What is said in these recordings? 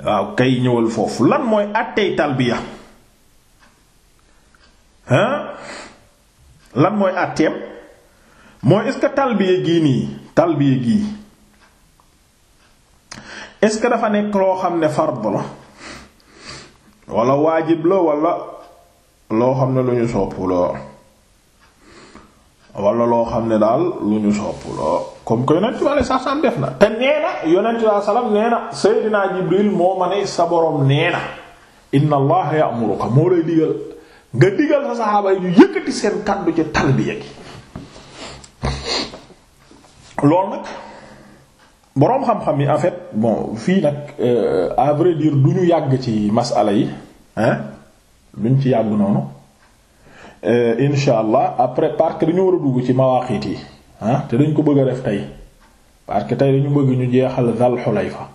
waaw kay ñëwal foofu lan mooy àttey talbiya hein lan mooy àtteem mooy est-ce gii nii talbiya gii est-ce que dafa nekk loo xam ne fard la wala waajib la wala loo xam ne lu ñu sopp la wala loo xam ne daal lu ñu sopp loo comme que yonent bi alei satu def na te nee na yonent bi alei salaam nee na Seydina Jibril moo ma ne sa borom nee na inna allaha ya'muruka moo lay digal nga digal sa saxaaba yi ñu yëkkati seen kàddu ci talbiya gi loolu nag boroom xam-xam yi en fait bon fii nag euh, à vrai du ñu yàgg ci masala yi hein duñ ci yàgg noonu Euh, insha allah après park que dañu war a dugg ci mawaqit yi ah te dañ ko bëgg a def tey parce que tey dañu bëgg ñu jeexal Dhal Hulayfa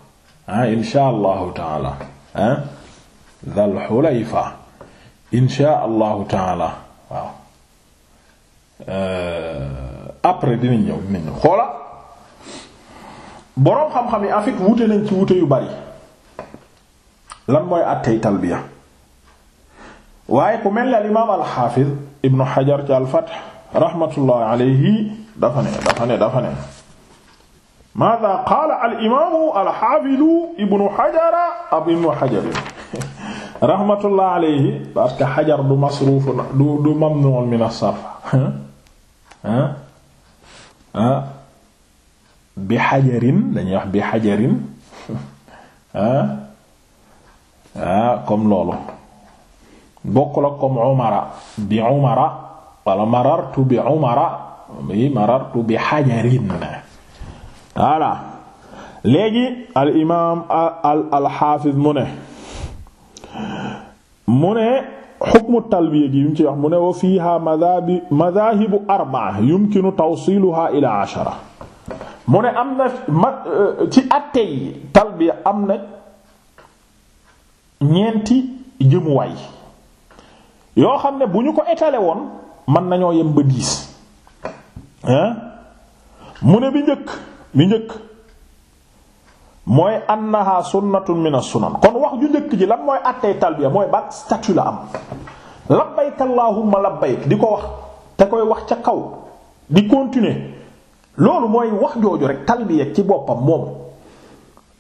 ah insha allahu taala ah Dhal Hulayfa insha allahu taala waaw euh, après dinañ ñëw dinañ ñëw xoola boroom xam-xam yi en wute nañ ci wute yu bari lan mooy àttey talbiya waaye ku mel ne al imaam ibnu Hajar ci al-Fath rahmatullah alayhi dafa ne dafa ne dafa ne maada qaala al-imaamu al-haafidu ibnu Hajar ab ibnu Hajar rahmatullah alayhi parce que Hajar du masruuf du du mamnuun min as-sarf ah ah bi xajarin dañuy wax bi xajarin ah ah comme loolu bokkul ak comme umara bi umara wala marartu bi umara bi marartu bi xajarin voilà léegi al imaam al al xaafiz mu ne mu ne xukmu talbiya gi yu mu ci wax mu ne wa fiiha madaabi arbaa yumkinu tawsiluha ila ashara mu ne am na euh, ci attey talbiya am na ñeenti jëmuwaay yoo xam ne bu ñu ko étalé woon mën nañoo yem ba diis hein mu ne bi njëkk bi njëkk mooy annaha sunnatun min as-sunan kon wax ju njëkk ji lan mooy attey talbiya mooy ba statut la am labbayk allahumma labbayk di ko wax te koy wax ca kaw di continuer loolu mooy wax jooju rek talbiya ci boppam moom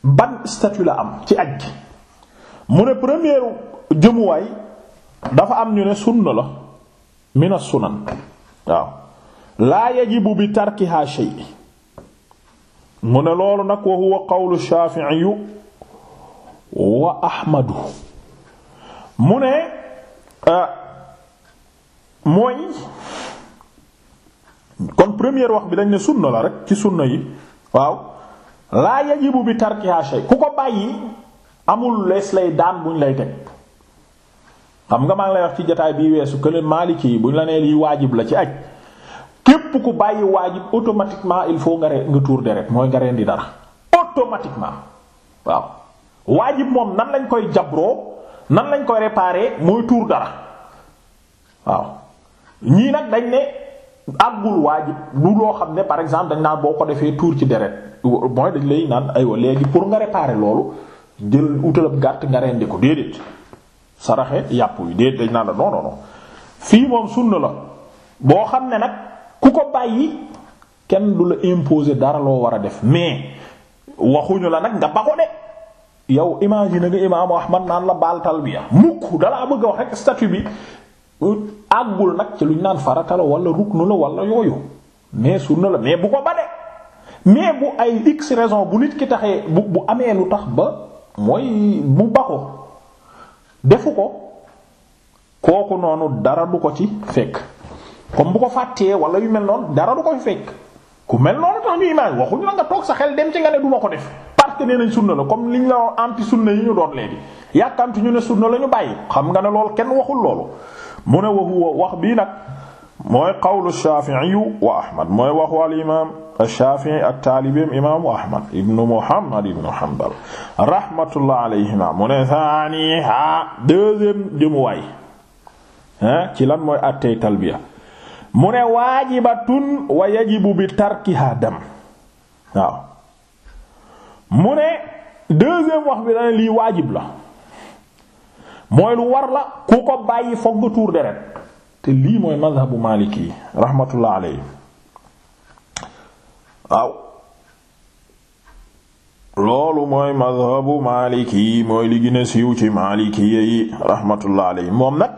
ban statut la am ci aj mu ne première jëmuwaay dafa am ñu ne sunna la mina sunan waaw laa yajibu bi tarkiha shay mu ne loolu nag wa huwa qawlu Shafi'i wa Ahmadu mu ne euh, mooy kon première wax bi dañ ne sunna la rek ci sunna yi waaw laa yajibu bi tarkiha shay ku ko bàyyi amul lees lay daan buñ lay teg xam nga maa ngi lay wax weesu que Maliki yi bu ñu la nee waajib la ci aj képp ku bàyyi waajib automatiquement il faut nga nga tuur deret mooy nga rendi dara automatiquement waaw waajib moom nan lañ koy jabroo nan lañ koy réparer mooy tuur dara waaw ñii nag dañ ne àggul waajib lu loo xam ne par exemple dañ naan boo ko defee tuur ci deret mooy dañ lay naan aywa léegi pour nga réparer loolu jël utal ab gàtt nga di ko déedéet. saraxe yàpp wi déet dañ naa la non non fii moom sunna la boo xam ne nag ku ko bàyyi kenn du la imposer dara loo war a def mais waxuñu la nag nga ba ko de yow imagine nga imaamu ahmad naan la baal talbiya mukk dalaa bëgg a wax rek statut bi àggul nag ci luñ naan farata la wala ruknu la wala yooyu mais sunna la mais bu ko ba mais bu ay x raison bu nit ki taxee bu bu amee lu tax ba mooy bu ba defu ko kooku noonu dara du ko ci fekk comme bu ko fàttee wala yu mel noonu dara du ko fi fekk ku mel noonu tax ñu imaam waxuñu la nga toog sa xel dem ci nga ne du ko def parce que nee nañ sunna la comme liñ la anti sunna yi ñu doon léegi yàkkamti ñu ne sunna lañu bàyyi xam nga ne loolu kenn waxul loolu mu ne wa wax bii nag mooy qawlu yu wa Ahmad mooy waxu al imaam Shaafi'i ak taalibeem imaamu Ahmad ibnu Muhammad ibnu Hanbal rahmatullah alayhima mu ne saani ha deuxième jëmuwaay ah ci lan mooy àttey talbiya mu ne waajibatun wa yajibu bi tarkiha dam mu ne deuxième wax bi dana lii waajib la mooy lu war la ku ko bàyyi foog tuur deret te lii mooy mazhabu Maliki rahmatullah alayhi waaw loolu mooy madhabu maliki mooy li gën a siiw ci maliki yi rahmatullah alayhi moom nag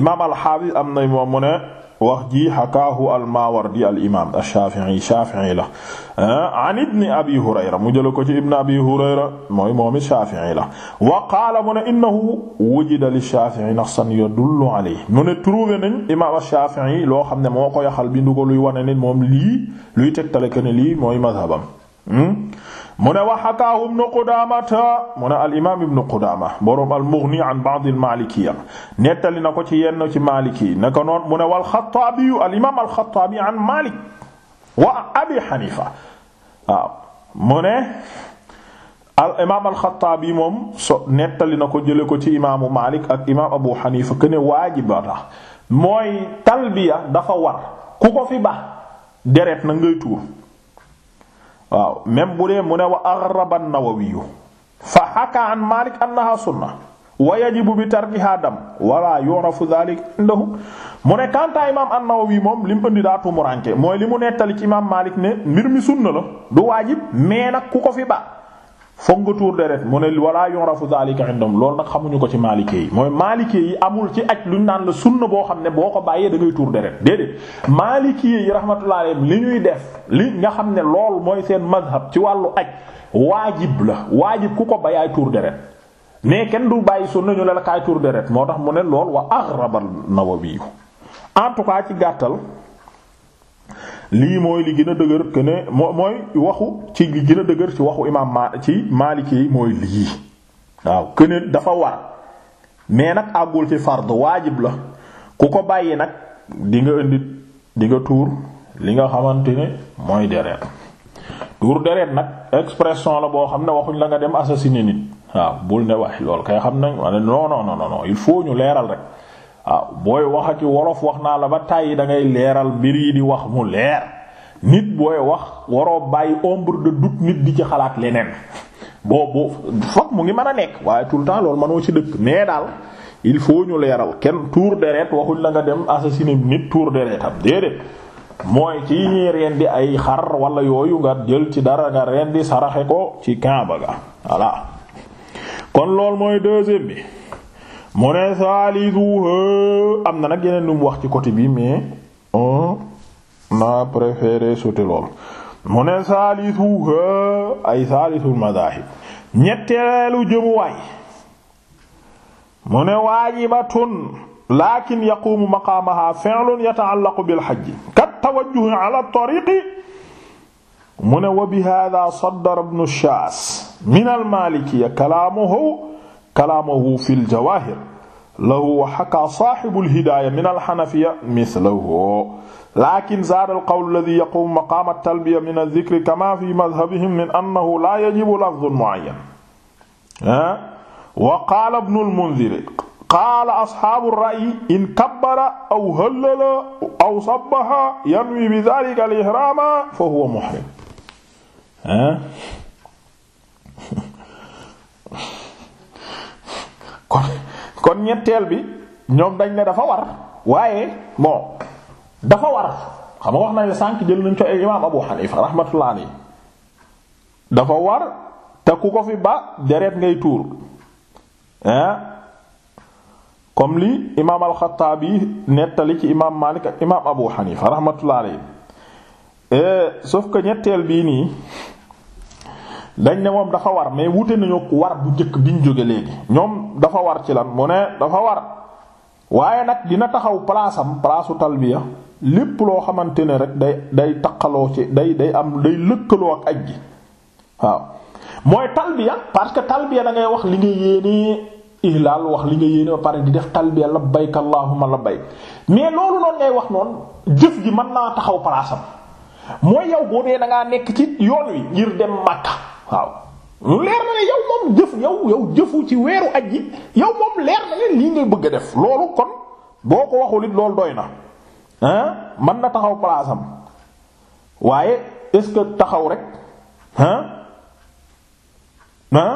imaam alxaafis am na moom mu ne wax ji xakaahu al-Maawardi al-imaam ash-Shaafi'i Shaafi'i la ah, an ibni abi Hurayra mu jëla ko ci ibni abi Hurayra mooy moom it Shaafi'i la wa qaala mu ne innahu wujida li-Shaafi'i naxsan yadullu alayhi mu ne trouvé nañ imaam ash-Shaafi'i loo xam ne moo ko yaxal bindu ko luy wane ne moom lii luy tegtale que ne lii mooy mazhabam hmm? mu ne wa hakaahu ibnu Qudaamata mu ne al imaam ibnu Qudaama boroom an ba'd al Maalikiyya nettali na ko ci yenn ci Maaliki ne wal Xattaabi mu ne al imaam al moom nettali na ko jëlee ko ci imaamu Maalik ak imaam Abu Haniifa que ne mooy talbiya dafa war ku ko fi ba deret na ngay tuur. waaw même bu dee mu ne wa aghraba an-Nawawi fa haka an Malik annaha sunna wa yajibu bi tarkiha dam wala yu'rafu dhalik indahu mu ne kanta imam an-Nawawi moom li mu indi daa tumuranke mooy li mu nettali ci imam Malik ne mbir mi sunna la du waajib mais ku ko fi ba foog nga tuur deret mu ne wala yurafu zalika indom loolu nag xamuñu ko ci maalikee yi mooy maalikee yi amul ci aj luñ naan la sunna boo xam ne boo ko bàyyee da ngay tuur deret déedéet maalikee yi rahmatullahi alayhim li ñuy def li nga xam ne lool mooy seen mazhab ci wàllu aj waajib la waajib ku ko bayaay tuur deret mais kenn du bàyyi sunna ñu ne la kaay tuur deret moo tax mu ne lool wa aghrabal Nawawi en tout cas ci gàttal lii mooy li gën a dëgër que moo mooy waxu ci li gën a dëgër ci waxu imaam ma ci Maliki yi mooy lii waaw que dafa war mais nag àggul ci fard waajib la ku ko bàyyi nag di nga indi di nga tuur li nga xamante ne mooy deret tuur deret nag expression la boo xam ne waxuñ la nga dem assassiner nit waaw bul ne wax loolu kay xam nañ non non non non il ñu leeral rek. waaw ah, booy wax ak wolof wax naa la ba tàyyi dangay leeral mbir yi di wax mu leer nit booy wax waroo bàyyi ombre de doute nit di ci xalaat leneen boobu foog mu ngi mën a nekk waaye tout le temps loolu mënoo ci dëkk mais daal il faut ñu leeral kenn tour deret waxuñ la nga dem assassiner nit tour deretam déedéet mooy ci reen rendi ay xar wala yooyu nga jël ci dara nga di saraxe ko ci kamba ga voilà kon loolu mooy deuxième bi. mu ne saalisu am na nag yeneen lu mu wax ci côté bi mais on a préféré sauter lool mu ne ay saalisul madahib ñetteelu jëmuwaay mu ne lakin yaqumu maqaamaha fi'lun yata'allaqu bil hajj kat ala tariqi mu ne wa bi hada Shaas min al-Maalikiyya kalaamuhu kalaamuhu fil lahu wa xakaa saaxibul hidaaya min alxanafiya mislahu laakin zaada alqawlu alladi yaquumu maqaama talbiya min aldikri kama fi madhabihim min annahu laa yajibu lafdun muayyan ah? wa qaala ibnul munzir qaala asxaabu ra'yi in kabbara aw hëllala aw sabbaha yanwi bi daalika al-ihraama fa huwa muhrim ah? kon ñetteel bi ñoom dañ ne dafa war waaye moo dafa war xam nga wax nañ sànq jël nañ ci imaam Abu Hanifa rahmatullah dafa war ko fi ba deret ngay tuur comme lii imaam al-Xattaabi nettali ci imaam Maalik ak imaam Abu Hanifa rahmatullah alayhi eh, sauf que ñetteel bii nii. dañ ne moom dafa war mais wute nañu war bu njëkk bi ñu jóge léegi ñoom dafa war ci lan mu ne dafa war waaye nag dina taxaw palaasam palaasu talbiya lépp loo xamante ne rek day day taqaloo ci day day am day lëkkaloo ak waaw mooy talbiya parce que talbiya da ngay wax li nga yéenee ihlaal wax li nga yéene ba pare di def talbiya labbayk allahumma labbayk mais loolu noonu ngay wax noonu jëf gi mën naa taxaw palaasam mooy yow boo dee ngaa nekk ci yoon wi ngir dem Makka waaw lu leer na ne yow moom jëf yow yow jëfu ci weeru aj yi yow moom leer na ne lii ngay bëgg a def loolu kon boo ko waxul it loolu doy na man na taxaw palaasam waaye est ce que taxaw rek ah ah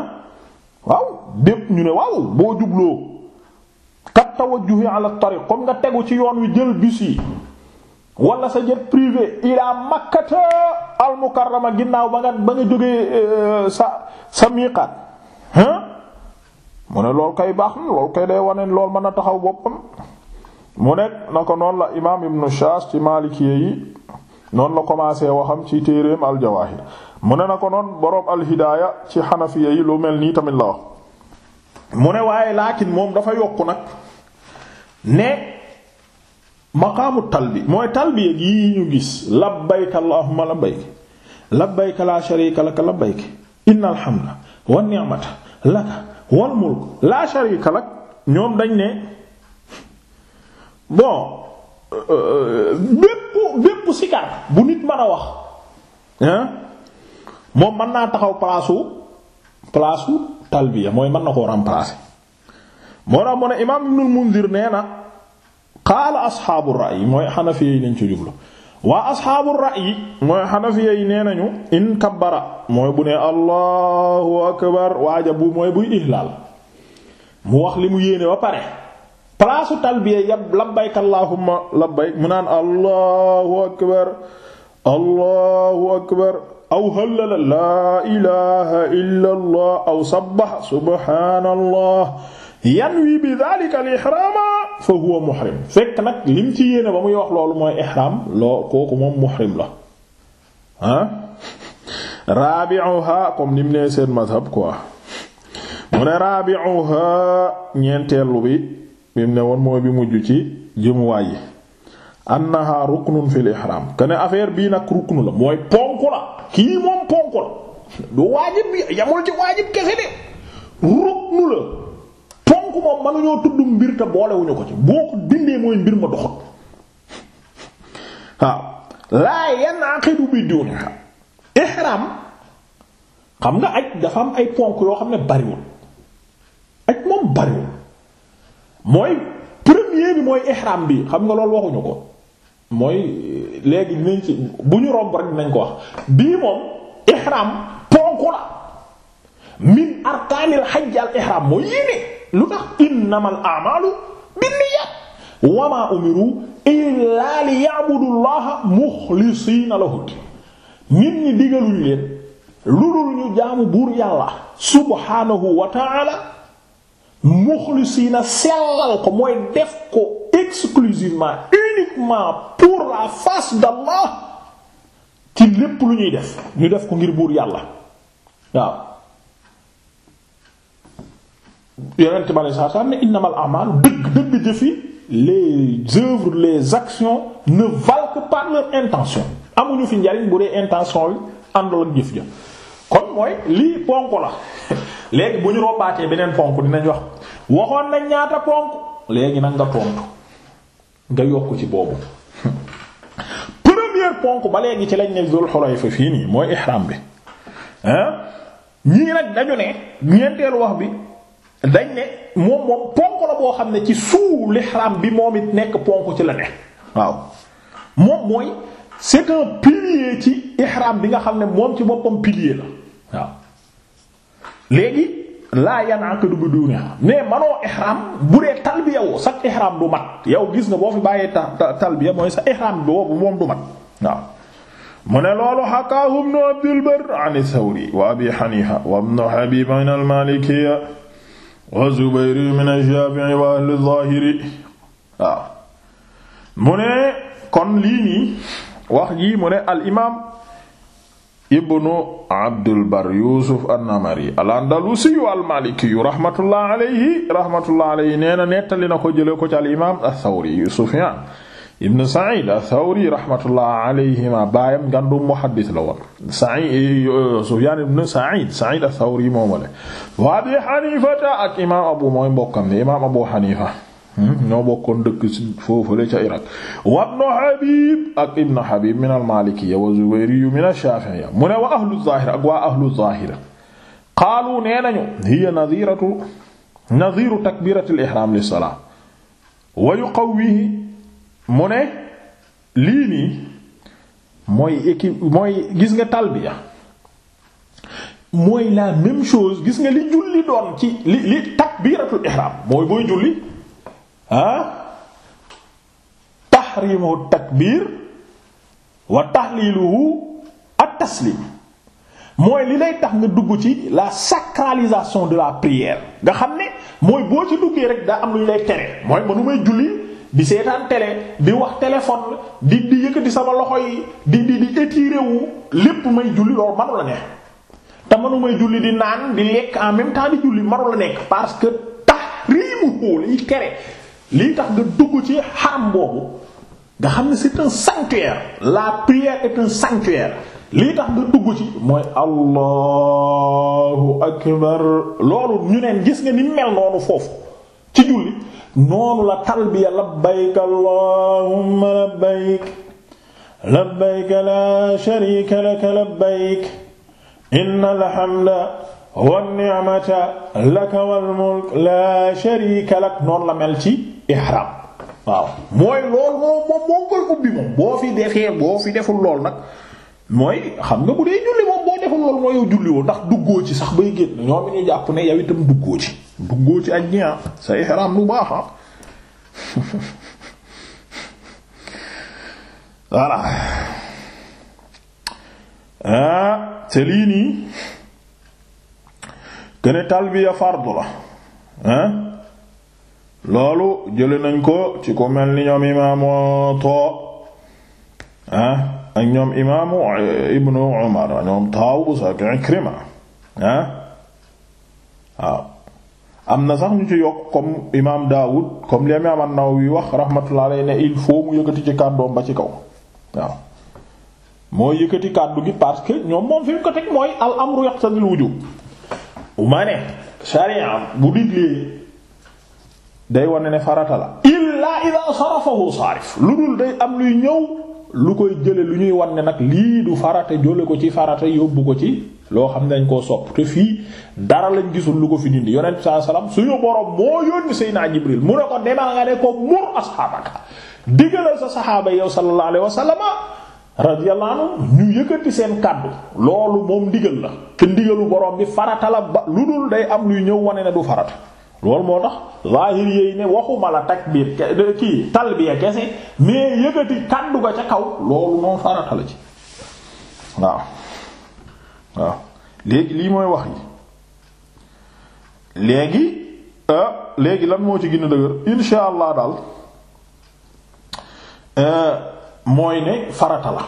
waaw bépp ñu ne waaw boo jubloo kat tawajjuhi ala tariq comme nga tegu ci yoon wi jël bis yi wala sa jet privé ila makkata al ginnaaw ba nga ba nga jógee euh, sa sa miiqaat mu ne lool kay baax na lool kay day wane lool mën a taxaw boppam mu ne na ko noonu la imaam ibnu Shaas ci maalikiyee yi noonu la commencé waxam ci téereem al mu ne na ko noon boroom al hidaaya ci xanafiya yi lu mel nii tamit la wax mu ne waaye laakin moom dafa yokku nag ne maqaamu talbi mooy talbiya yii ñu gis labbayka allahumma labbayka labbayka laa sharika laka labbayka innal hamda wan ni'mata laka wal mulk laa sharika lak ñoom dañ ne bon bépp bépp sikar bu nit mën a wax moom mën naa taxaw palaasu palaasu talbiya mooy mën na koo remplacer moo tax mu ne imaam Ibnul Mundir nee na qaala asxaabu ra'yi mooy xanafiya yi lañ ci jublu waa asxaabu ra'yi mooy xanafiya yi nee nañu in kabbara mooy bu ne allahu akbar waaja bu mooy buy ihlaal mu wax li mu yéene ba pare palaasu talbiya yab labbayk allahumma labbayk mu naan allahu akbar allahu akbar aw halala laa ilaha illa allah aw sabbaha subhaanallah yanwi bi dhalika al ihraama fa huwa muhrim fekk nag lim ci yéene ba muy wax loolu mooy ihram loo kooku moom muhrim la ah rabi'uha comme nim nee seen mazhab quoi mu ne rabi'uha ñeenteelu bi mu ne woon mooy bi mujj ci jëmuwaay yi annaha ruknun fil ihram kene affaire bii nag ruknu la mooy ponk la kii moom ponk la du waajib yamul ci waajib kese de ruknu la kooku moom mënuñoo tudd mbir te boolewuñu ko ci boo ko dindee mooy mbir ma doxut waaw laa yanaqidu bi duniha ihram xam nga aj dafa am ay ponk yoo xam ne bariwul ak moom bariwul mooy premier bi mooy ihram bi xam nga loolu waxuñu ko mooy eh, léegi dinañ ci bu ñu romb rek dinañ ko wax bii moom ihram ponk la min arkaanil xajj al ihram mooy yéene lu tax innamal a'malu binniyat wama umiru illa liya'budullaha muxlisiina lahu nit ñi digaluñ leen lu dul ñu jaamu buur yàlla subhaanahu wa ta'ala muxlisiina sellal ko mooy def ko exclusivement uniquement pour la face d'Allah ci lu ñuy def ñu def ko ngir buur yàlla waaw yonent bi aleyhi salaatu salaam ne innamal a'maalu dëgg dëgg jëf les œuvres les actions ne valent que par intention amuñu fi njariñ bu dee intention bi àndal ak jëf ja kon mooy lii ponk la léegi bu ñu rombaatee beneen ponk dinañ wax waxoon nañ ñaata ponk léegi nag nga tontu nga yokk ci boobu première ponk ba léegi ci lañ ne Zul Hulayfa fii nii mooy ihram bi ñii nag dañu ne ñeenteelu wax bi dañ ne moom moom ponk la boo xam ne ci suu l'ihram bi moom it nekk ponk ci la ne waaw moom mooy c'est un ci ihram bi nga xam ne moom ci boppam pilier la waaw léegi laa yanaqadu bi duuni mais manoo ihram bu dee talbiya woo sax ihram du mat yow gis nga boo fi bàyyee talbiya mooy sa ihram bi boobu moom du mat waaw mu ne loolu xakaahu ibnu Abdul Barr an Sawri wa Abi Hanifa wa ibnu Habib an al wa Zubayru min ash-Shafi'i wa ahli adh-Dhahiri waaw mu ne kon lii nii wax jii mu ne al imaam ibnu Abdul Bar Yuusuf an-Namari al-Andalusi al-Maliki rahmatullah alayhi rahmatullah alayhi nee na nettali na ko jële ko ci al imaam ath-Thawri Sufyaan ibn Sa'id ath-Thawri rahmatullah alayhima baayam ngandum muhaddis la woon Sa'id eh, eh, Sufyan ibn Sa'id Sa'id ath-Thawri mooma le wa Abi Hanifata ak imam abu mooy mbokkam ne imam Abu Hanifa hmm? ñoo bokkoon dëkk ci foofule ca Irak wa ibn Habib ak ibn Habib min al-Malikiyya wa Zubayri min ash-Shafi'iyya mu ne wa ahlu zahira ak waa ahlu zahira qaalu nee nañu hiya nadiratu nadiru takbirati al-ihram lis-salah wa yuqawwihi mu ne lii nii mooy équipe mooy gis nga talbiya mooy la même chose gis nga li julli doon ci li li takbiratul ihram mooy booy julli ah tahrimu takbir wa tahliluhu at taslim mooy li lay tax nga dugg ci la sacralisation de la prière nga xam ne mooy boo ci duggee rek daa am lu ñu lay tere mooy mënu julli di seetaan télé di wax téléphone di di yëkkati sama loxo yi di di di étiré lépp may julli loolu manu la ne te manu julli di naan di lekk en même temps di julli manu nekk parce que tax riimu koo tere lii tax nga dugg ci xaram boobu nga xam ne c'est un sanctuaire la prière est un lii tax nga dugg ci mooy allahu akbar loolu ñu neen gis nga ni mel noonu foofu ci julli noonu la talbiya labbayk allahumma labbayk labbayk la sharika laka labbayk innal hamda wan ni'mata laka wal mulk la sharika lak noonu la mel ci ihram waaw mooy lool moom moom moo koy ubbi moom boo fi defee boo fi deful lool nag mooy xam nga bu dee julli moom boo deful loolu mooy yow julliwoo ndax duggoo ci sax bay génn ñoom ñu jàpp ne yow itam duggoo ci duggoo ci aj ñi ah. sa ihram lu baax ah voilà ah te lii nii kene talbiya fardu la ah loolu jële nañ ko ci ko mel ni ñoom imaamoo too ah ak ñoom imaamu eh, ibnu Umar ñoom Taawus ak Ikrima ah waaw am na sax ñu ci yokk comme imaam Daawud comme li imaam An-Nawawi wax rahmatullah ne il faut mu yëkkati ci kàddoom ba ci kaw waaw mooy yëkkati kàddu gi parce que ñoom moom fi ñu ko teg mooy al amru yaqtadil wujub uma ne sharia bu diglee day wane ne farata la illa ida sarafahu saarif lu dul day am luy ñëw lu koy jële lu ñuy wan ne nag lii du farata jële ko ci farata yóbbu ko ci loo xam ne dañ koo sopp te fii dara lañ gisul lu ko fi dindi yonent bi saa salaam suñu borom moo yónni Seydina Jibril mu ne ko demal ko mur asxaabaka diggalal sa saxaaba yow sallallahu alayhi wa sallama radiyallahu anhu ñu yëkkati seen kàddu loolu moom ndigal la te ndigalu borom bi farata la ba lu dul day am luy ñëw wane ne du farata loolu moo tax zaahir yéy ne waxuma la takbiir kii talbiya kese mais yëgati kàddu ga ca kaw loolu moom farata la ci waaw léegi lii mooy wax yi léegi euh, léegi lan moo ci gën a dëgër insha allah daal euh, mooy ne farata la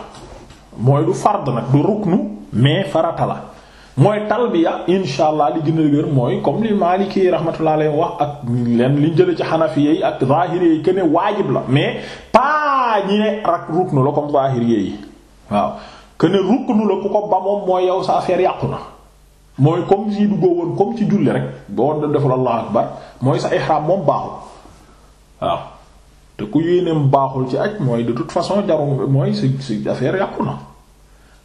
mooy du fard nag du ruknu mais farata la mooy talbiya insha allah li gën a dëgër mooy comme li Maliki yi wax ak leen li jële ci Hanafiya yi ak Zahiri yi kenn waajib la mais pas ñi ne rak la comme Zahiri yi waaw kenn ruknu la ku ko ba moom mooy yow sa affaire yàqu na. mooy comme si duggoo woon comme ci julli rek boo doon defal allah akbar mooy sa ihram moom baaxul waaw te ku yéeneem baaxul ci aj mooy de toute façon jarum mooy si si affaire yàqu na.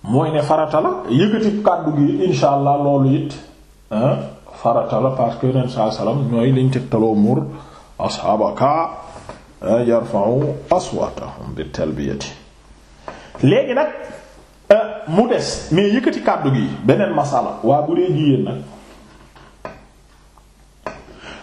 mooy ne farata la yëkkati kàddu gi insha allah loolu it farata parce que yeneen saa salaam ñooy liñ tegtaloo mur ashabaka eh, yarfa'u aswatahum bi talbiyati léegi nag eh, mu des mais yëkkati kàddu gi beneen masala waa bu dee jigéen nag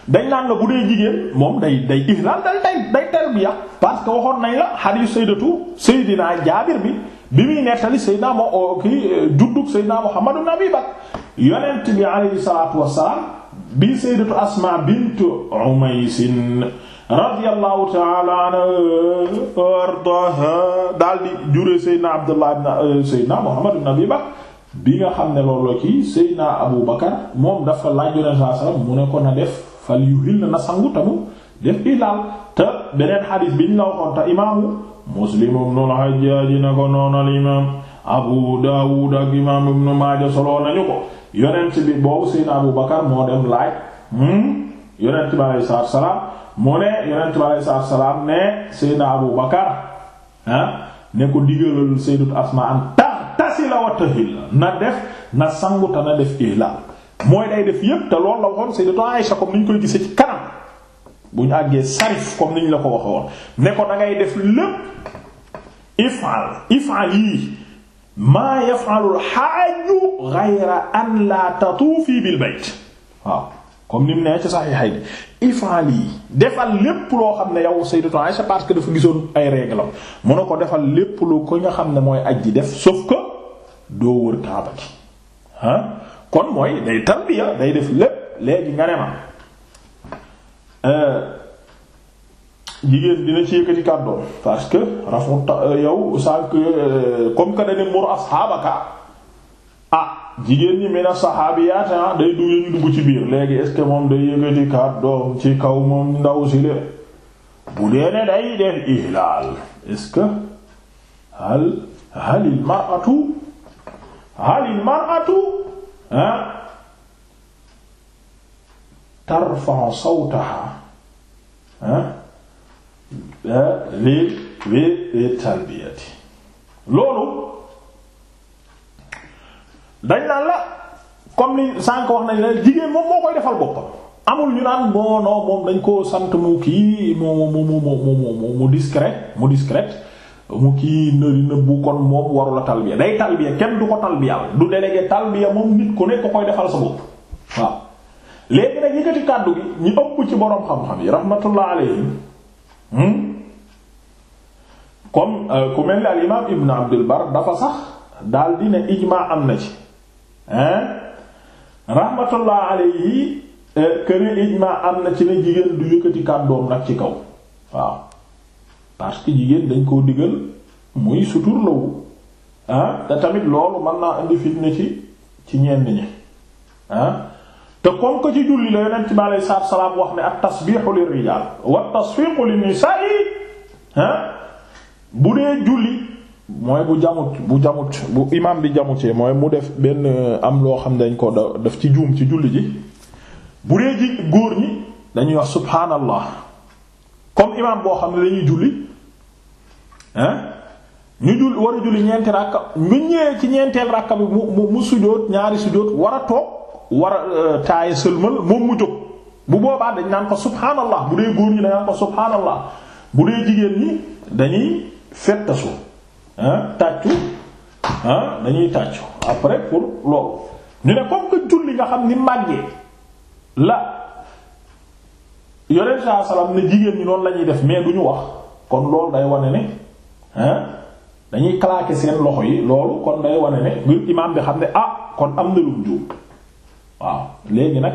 dañ naan la bu dee jigéen moom day day day talbiya parce que waxoon nañ la hadith sayyidatu sayyidina jaabir bi bi muy nettali Seydina moo kii eh, juddug Seydina Muhammad bi alayhi salaatu wassalaam bi Sayyidatu Asma bint Umays radiyallahu ta'ala anha daal di jure Seydina Abdullah eh, Muhammad ibn Abi bi nga xam ne loolu la Abu Bakar moom dafa laaj yonent sallallahu alayhi wasallam mu def fal yuhil te beneen xadiis bi ñu la waxoon te imaamu muslim ibnu al-Hajjaaj na ko noonu al imaam Abu Daawud ak imaam ibnu Maaja soloo nañu ko yonent bi boobu Seydina Abu Bakar moo dem laaj hmm? mu ne yonent bi alayhi salaatu salaam ne Seydina Abu Bakar ne ko digalal Sayyidatu Asmaa an taghtasila wa tahilla na def na sangu te na def ihlaal mooy day def yépp te loolu la waxoon Sayyidatu Aysa comme ni ñu koy gisee ci kanam. bu ñu àggee sarif comme ni ñu la ko waxe woon ne ko da def lépp ifal ifal yii maa yafalul xaaju gayra an la tatuufi bil bayt waaw comme ni mu nee ci saxiixay bi ifal yii defal lépp loo xam ne yow sayyidatu Aisha parce que dafa gisoon ay règle mu ne ko defal lépp lu ko nga xam ne mooy aj ji def sauf que doo wër kaaba gi kon mooy day tarbiya day def lépp léegi nga ne ma Euh, jigéen dina ci yëkkati kàddoom parce que rafu euh, yow sànq euh, comme que dañu mur asxaabaka ah jigéen ñi mina saxaabiyaat ah, day dugg ñu dugg ci biir léegi est ce moom day yëkkati kàddoom ci kaw moom ndaw si le bu dee ne day def ihlaal est ce hal halil mar'atu halil mar'atu ah tarfa'u sawtaha li li talbiyati loolu dañ naan la comme ni sànk nañ la jigéen moom moo koy defal boppam amul ñu naan moo non moom dañ koo sant mu kii mu mu mu mu mu discret mu discret mu kii nëri nëbbu kon moom warula talbiya day talbiya kenn du ko talbiyaal du délégué talbiya moom nit ku nekk ko koy defal sa bopp waaw léegi nag yëkkati kàddu gi ñi ëpp ci boroom xam-xam yi rahmatullah alayhim hmm? comme euh, ku mel ni al imaam ibn abdul bar dafa sax daal di ne ijmaa am na ci hein rahmatullah alayhi këne euh, ijmaa am na ci ne jigéen du yëkkati kàddoom nag ci kaw waaw parce que jigéen dañ koo digal muy suturlawu ah te tamit loolu mën naa indi fitna ci ci ñenn ñi te comme que ci julli la yonent bi aleyhi salaatu salaam wax ne ak tasbiixu li rijaal wa tasfiiqu li nisaa'i ah bu dee julli mooy bu jamut bu jamut bu imaam bi jamutee mooy mu def benn euh, am loo xam dañ ko def ci juum ci julli ji bu dee ji góor ñi dañuy wax subhaanallah comme imaam boo xam ne dañuy julli ah, ñu julli war a julli ñeenti ràkka ñu ñëwee ci ñeenteel ràkka bi mu mu sujjóot ñaari sujjóot war a toog. war a euh, taaye sëlmal moom mu jóg bu boobaa dañ naan ko subhaanallah bu dee góor ñi dañ naan ko subhaanallah bu dee jigéen ñi dañuy fettasu tàccu dañuy tàccu après pour loolu ñu ne comme que julli nga xam ni màggee la yonent saa salaam ne jigéen ñi loolu la ñuy def mais du ñu wax kon loolu day wane ne dañuy claquer seen loxo yi loolu kon day wane ne ngir imaam bi xam ne ah kon am na lu mu waaw léegi nag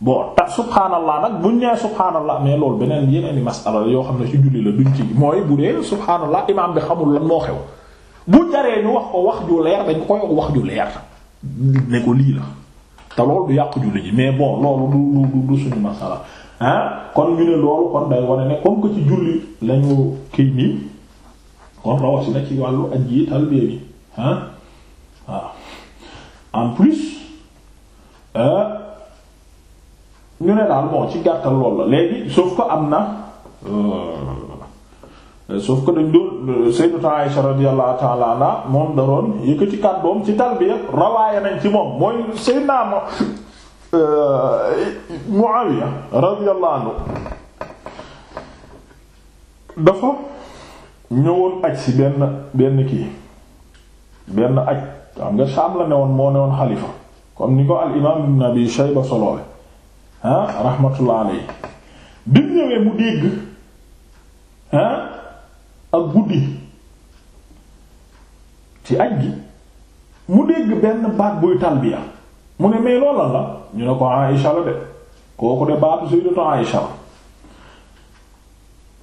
bon ta subhaanallah nag buñ nee subhaanallah mais loolu beneen yeneen i masala yoo xam ne ci julli la duñ ci mooy bu dee subhaanallah imaam bi xamul lan moo xew bu jaree ñu wax ko wax ju leer dañ koy wax ju leer ne ko lii la te loolu du yàqu julli ji mais bon loolu du du du suñu masala ah kon ñu ne loolu kon day wane ne comme que ci julli lañu kii nii kon rawatina ci wàllu aji yi talbee bi ah waaw en plus ñu ne daal bon ci gàttal lool la léegi sauf que am na euh, sauf que dañ doon euh, Sayyidatu Aisha radiyallahu ta'ala anha moom da doon yëkkati kàddoom ci talbiya rawaaya nañ ci moom mooy Sayyidna euh, Muawiya radiyallahu anhu dafa ñëwoon aj si benn benn kii benn aj xam nga Sham la ne woon moo ne woon xalifa comme ni ko al imaam ibn abi shayba soloole rahmatullah alayhi bi mu ñëwee mu dégg ah ak guddi ci aj gi mu dégg benn baat buy talbiya mu ne mais loolal la ñu ne ko Aïsha la de kooku de baatu sayyidatu Aïsha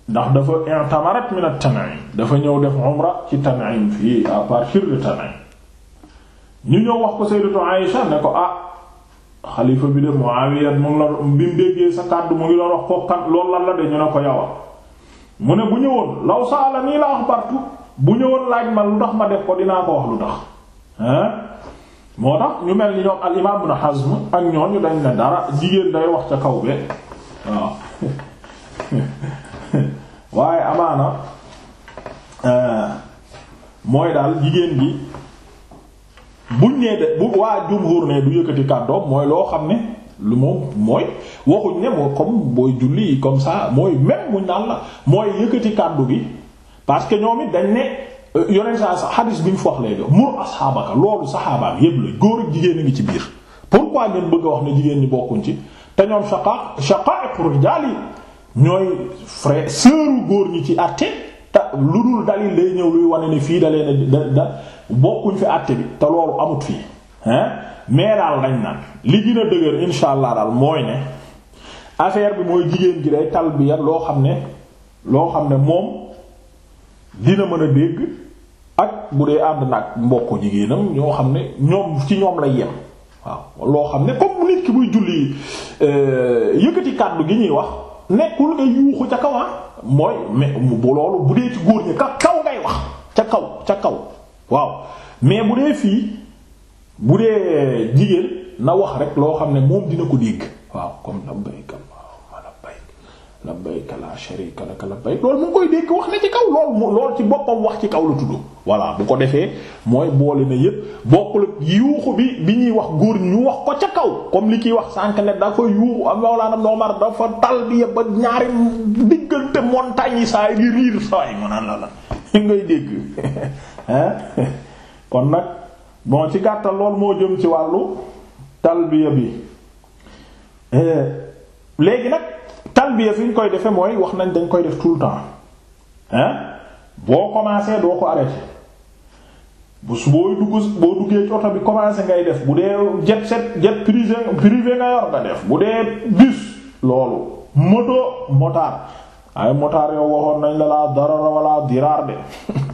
ndax dafa i'tamarat min at-Tan'im dafa ñëw def umra ci Tan'im fii à de Tan'im ñu ñëw wax ko sayyidatu Aïsha ne ko ah xalifa bi de Muawiya mu ngi la bi mu déggee sa kàddu mu ngi doon wax ko kan loolu lan la de ñu ne ko yawa mu ne bu ñëwoon law saala nii la axbartu bu ñëwoon laaj ma lu tax ma def ko dinaa ko wax lu tax hein moo tax ñu mel ni ñoom al imaam Ibn Hazm ak ñooñu dañ ne dara jigéen day wax ca kaw be waaw waaye amaana euh, mooy daal jigéen gi buñ nee de bu waa jumhur ne du yëkkati kàddoom mooy loo xam ne lu moom mooy waxuñ ne moo comme booy julli comme ça mooy même muñ naan la mooy yëkkati kàddu bi parce que ñoom it dañ ne euh, yoneen sa xadis bi ñu fox lay do mur asxaabaka loolu saxaabaam yépp la góor ak jigéen a ci biir pourquoi ngeen bëgg a wax ne jigéen ñi bokkuñ ci te ñoom shaqa shaqa'iqu rijaal yi ñooy frère sœuru góor ñi ci àtte te lu dul dalil lay ñëw luy wane ne fii da leen da bokkuñ fi àtte bi te loolu amut fii hein mais daal lañ naan li gën a dëgër insha allah daal mooy ne affaire bi mooy jigéen gi day talbiya loo xam ne loo xam ne moom dina mën a dégg ak bu dee ànd nag mbokk jigéenam ñoo xam ne ñoom ci ñoom lay yem waaw loo xam ne comme nit ki buy julli euh, yëkkati kàddu gi ñuy wax nekkul nga yuuxu ca kaw ah? mooy mais bu loolu bu dee ci góor ñi ka kaw ngay wax ca kaw ca kaw waaw mais bu dee fii bu dee jigéen na wax rek loo xam ne moom dina ko dégg waaw comme labbayka allahumma labbayk labbayka la sharika laka labbayk loolu mu ngi koy dégg wax na ci kaw lool lool ci boppam wax ci kaw la tudd voilà bu ko defee mooy boole na yépp bokkul yuuxu bi bi ñuy wax góor ñu wax ko ca kaw comme li kiy wax sànq ne da ko yuuxu am mawlaana Umar dafa talbiya ba ñaari diggante montagne yi saa yi di riir saa yi mu a la la ngay dégg kon nag bon ci gàttal lool moo jëm ci wàllu talbiya bi eh, léegi nag talbiya fi ñu koy defee mooy wax nañ dañ koy def tout le temps hein boo commencé doo ko arrêté bu su booy dugg boo duggee ci bi commencé ngay def bu dee jet set jet privé privé nga yor nga def bu dee bus loolu moto motard ay motard yow waxoon nañ la laa darara wala diraar de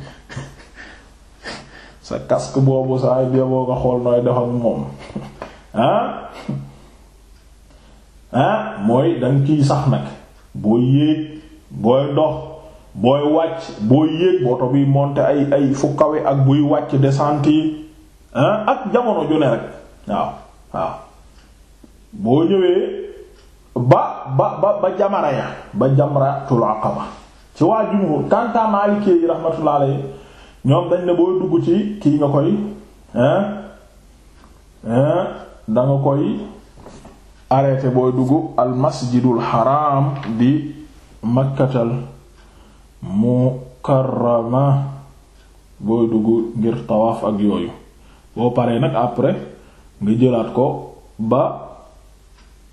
sa casque boobu sa ay beboo nga xool nooy def ak moom ah ah mooy danga ciy sax nag booy yéeg booy dox booy wàcc booy yéeg boto biy monter ay ay fu kawe ak buy wàcc descente yi ah? ak jamono ju ne rek waaw waaw boo ñëwee ba ba ba ba jamara ya ba jamratul aqaba ci waa jumhur kanta maalikee yi ñoom dañ ne boo dugg ci kii nga koy hein hein koy arrêté booy dugg al masjidul haram di makkatal mukarrama booy dugg ngir tawaaf ak yooyu boo paree nag après nga jëlaat ko ba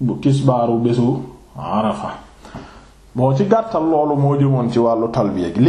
bu tisbaaru bésu arafa moo ci gàttal loolu moo jëmoon ci wàllu talbiya gi